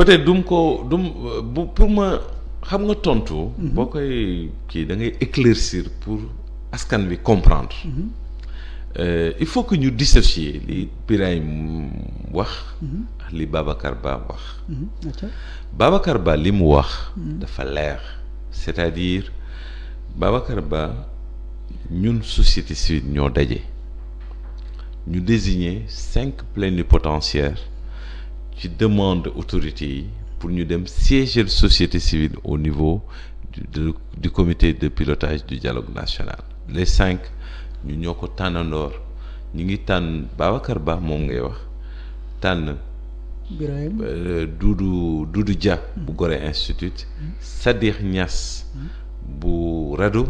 peut-être dum ko dum bu pour ma xam nga tontu. Mhm. boo koy kii da ngay éclaircir pour askan bi comprendre. Mhm. Euh, il faut que ñu dissocier li mu wax. Mhm. li Babacar Ba wax. Babacar Ba li mu wax. dafa leer cest à diir Babacar Ba ñun société civile ñoo daje ñu désigner cinq plénipotentiaires. ci demande autorité yi pour ñu dem siéger société civile au niveau du du comité de pilotage du dialogue national les cinq ñu ñoo ko tànnandoor ñu ngi tànn Babacar baax moom ngay wax tànn. Birahim euh, Doudou Doudou Dia. bu Gorée Institute. Sadikh ñas bu RADDHO.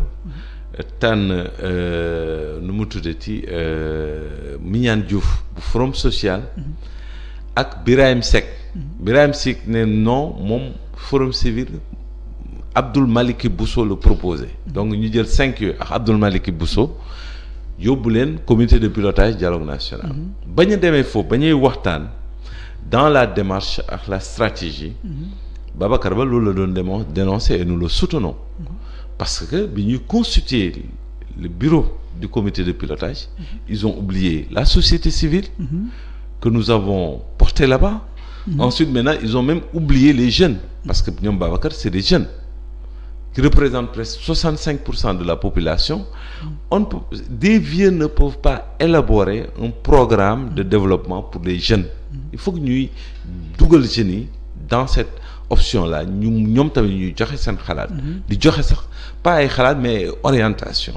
tànn euh, nu mu tuddati euh, Mignane Diouf bu Forum Social. ak Birahim Seck mm-hmm. Birahim Seck ne non moom forum civil Abdoul Maliki Bousso la proposé mm-hmm. donc ñu jël cinq yooyu ak Abdoul Maliki Bousso yóbbu leen comité de pilotage dialogue national mm-hmm. ba ñu demee foofu ba ñuy waxtaan dans la démarche ak la stratégie Babacar Ba loolu la doon démo dénoncer et nous le soutenons parce que bi ñuy constituer le bureau du commuté de pilotage ils ont oublié la société civile que nous avons portés là-bas. Mmh. Ensuite, maintenant, ils ont même oublié les jeunes. Parce que Nyom Babacar, c'est des jeunes qui représentent presque 65% de la population. Mhm. On peut, des vieux ne peuvent pas élaborer un programme de mhm. développement pour les jeunes. Mhm. Il faut que nous, Dougal Génie, dans cette option-là, nous, nous, nous, pas mais orientation.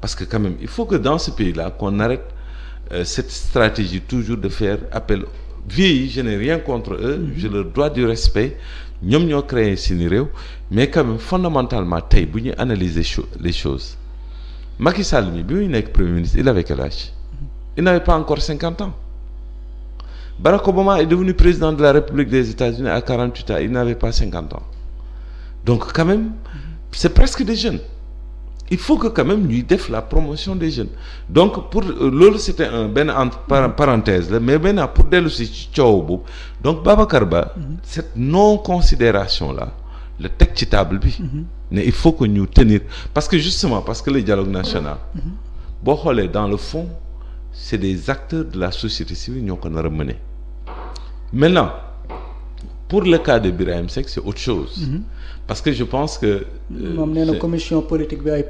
Parce que quand même, il faut que dans ce pays-là, qu'on arrête Euh, cette stratégie toujours de faire appel vieux yi je n'ai rien contre eux mhm. je leur dois du respect ñoom ñoo créé seeni réew mais quand même fondamentalement tey bu ñuy analyser les choses Macky Sall mi bi nekk premier ministre il avait quel âge mhm. il n'avait pas encore cinquante ans Barack Obama est devenu président de la République des États-Unis à quarante-huit ans il n'avait pas cinquante ans donc quand même mhm. c'est presque des jeunes il faut que quand même ñuy def la promotion des jeunes donc pour euh, loolu c'était un benn entre parenthèse la mais maintenant pour dellu si ci coow boobu donc Babacar Ba mhm. cette non considération la la teg ci table bi mhm. ne il faut que ñu tenir parce que justement parce que le dialogue national mhm. boo xoolee dans le fond c'est des acteurs de la société civile ñoo ko nar a mener maintenant pour le cas de Birahim Seck c'est autre chose. Mhm. parce que je pense que. Euh, moom nee na commission politique bi ay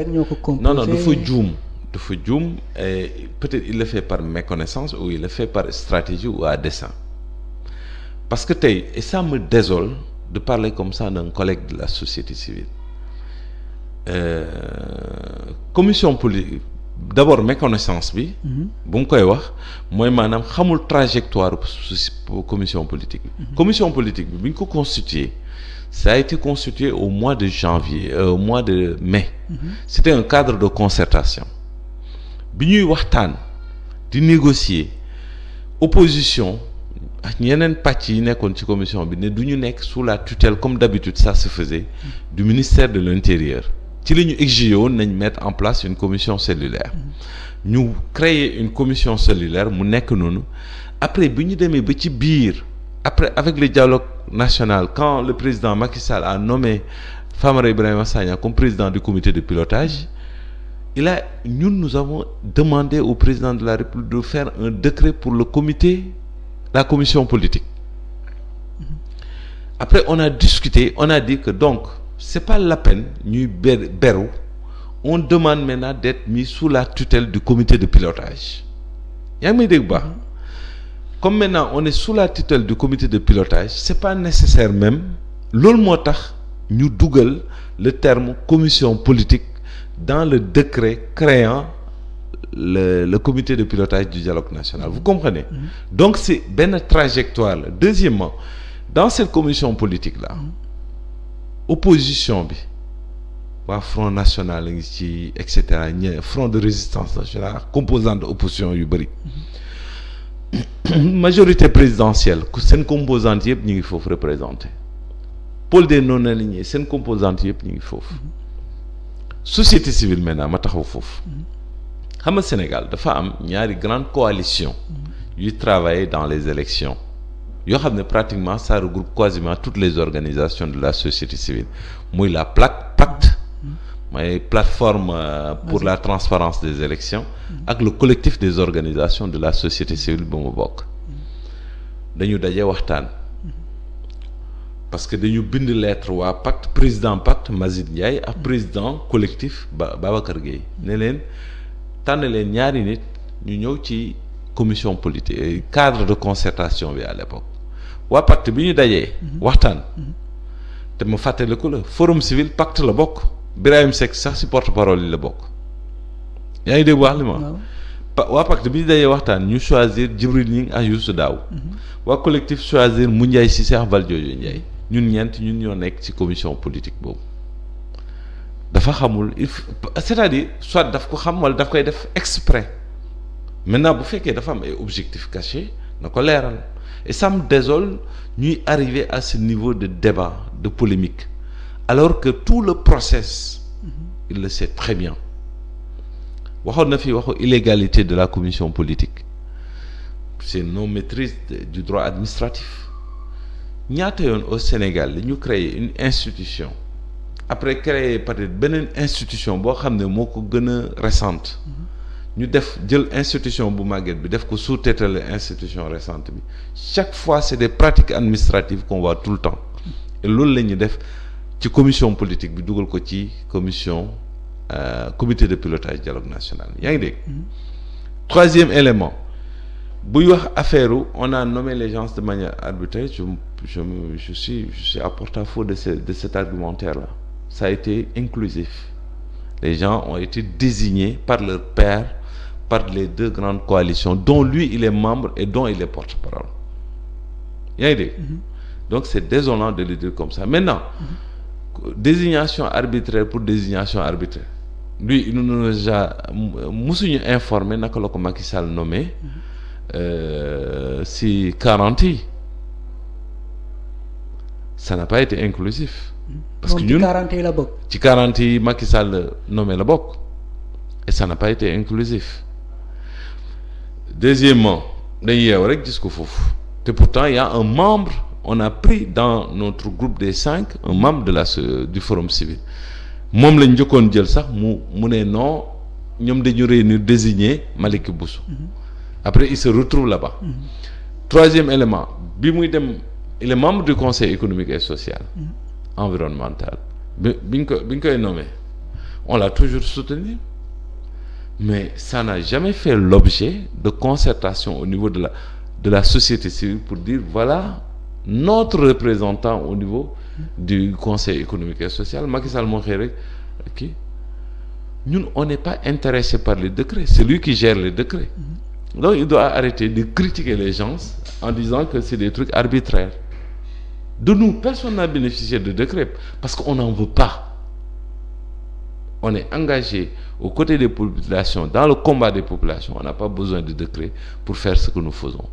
rek ñoo ko composé. non non dafa juum dafa juum peut-être il le fait par méconnaissance ou il le fait par stratégie ou à dessein parce que tey et ça me désole de parler comme sa d'un collègue de la société civile euh, commission politique. d'abord méconnaissance bi. Mhm. bu mu koy wax mooy maanaam xamul trajectoire commission politique bi. Mhm. commission politique bi bu ñu ko constitué sa a été constitué au mois de janvier euh, au mois de mai. Mhm. c'était un cadre de concertation bi ñuy waxtaan di négocier opposition ak yeneen pàcc yi nekkoon ci commission bi ne du ñu nekk sous la tutelle comme d'habitude ça se faisait du ministère de l'intérieur. ci li ñu exigé woon nañ mettre en place une commission cellulaire ñu créer une commission cellulaire mu nekk noonu après bi ñu demee ba ci biir après avec le dialogue national quand le président Macky Sall a nommé Famara Ibrahima Sagna comme président du comité de pilotage il a ñun nous avons demandé au président de la République de faire un décret pour le comité la commission politique après on a discuté on a dit que donc c'est pas la peine ñuy ber on demande maintenant d'être mis sous la tutele du commité de pilotage yaa ngi may dégg baax comme maintenant on est sous la tutele du comité de pilotage c'est pas nécessaire même loolu moo tax ñu dugal le terme commission politique dans le décret créant le le comité de pilotage du dialogue national vous comprenez mm-hmm. donc c'est benn trajectoire la deuxièmement dans cette commission politique la mm-hmm. opposition bi waa front national la ngi ci et cetera ñe front de résistance nationale composante opposition yu bëri majorité présidentielle seen composante yëpp ñu ngi foofu représenté pôle des non alignés seen composante yëpp ñu ngi foofu société civile maintenant ma taxaw foofu xam a Sénégal dafa am ñaari grande coalition mm-hmm. yuy travailler dans les élections yoo xam ne pratiquement ça regroupe quasiment toutes les organisations de la société civile muy la PLAC pacte mooy plateforme euh, pour la transparence des élections ak le collectif des organisations de la société civile ba mu bokk dañu daje waxtaan parce que dañu bind lettre waa pacte président pacte Mazid Ndiaye ak président collectif ba kër Gueye ne leen tànn leen ñaari nit ñu ñëw ci commission politique euh, cadre de concertation bi à l'époque waa pacte bi ñu dajee mhm. waxtaan mhm. te mu fàttaliku la forum civil pacte la bokk Birahim Seck sax si porte parole yi la bokk yaa ngi dégg wax li ma waa pacte bi ñu dajee waxtaan ñu choisir Djibril Gning ak daaw Daw mhm. waa collectif choisir mu Ndiaye si Cheikh Valdiodio Ndiaye ñun ñeent ñun ñoo nekk ci commission politique boobu dafa xamul il c'est-à-dire soit daf ko xam wala daf koy def exprès maintenant bu fekkee dafa am ay objectifs cachés na ko leeral Et ça me ñuy arriver à ce niveau de débat, de polémique, alors que tout le process, mm le sait très bien. waxoon na fi waxu illégalité de la commission politique c'est non maîtrise du droit administratif ñaata yoon au Sénégal li ñu créer une institution après créer peut-être beneen institution boo xam ne moo ko gën a récente mm-hmm. ñu def jël institution bu màgget bi def ko sous-traitale institution récente bi chaque fois c'est des pratiques administratives qu'on voit tout le temps et loolu la ñuy def ci commission politique bi dugal ko ci commission euh, comité de pilotage dialogue nationale yaa ngi dégg. Mm-hmm. troisième élément buy wax affaire on a nommé les gens de manière arbitraire je je je suis je suis à faux de ce de cet argumentaire la ça a été inclusif les gens ont été désignés par leur père par les deux grandes coalitions dont lui il est membre et dont il est porte-parole de ngi dégg mm-hmm. donc c'est désolant de le dire comme ça maintenant mm -hmm. désignation arbitraire pour désignation arbitraire lui il nous a déjà musuñu informé naka la ko Macky Sall nommé mm -hmm. euh, si mm-hmm. parce que ñun ci quarante yi Macky nommé la bokk et ça n'a pas été inclusif deuxièmement dañ yeew rek gis ko foofu te pourtant y a un membre on a pris dans notre groupe des cinq un membre de la du forum civil moom lañ njëkkoon jël sax mu mu ne non ñoom dañu réunir désigner Malick Boussou mm-hmm. après il se retrouve là-bas mm-hmm. troisième élément bi muy dem il membre du conseil économique et social mm-hmm. environnemental bi bi ñu ko bi ñu koy nommé on l'a toujours soutenu mais ça n'a jamais fait l'objet de concertation au niveau de la de la société civile pour dire voilà notre représentant au niveau du conseil économique et social Macky Sall moo xëy rek kii ñun on n'est pas intéressé par les décrets c'est lui qui gère les décrets mm-hmm. donc il doit arrêter de critiquer les gens en disant que c'est des trucs arbitraires de nous personne n'a bénéficié de décrets parce qu'on n'en veut pas on est engagé aux côtés des populations dans le combat des populations on n'a pas besoin de décret pour faire ce que nous faisons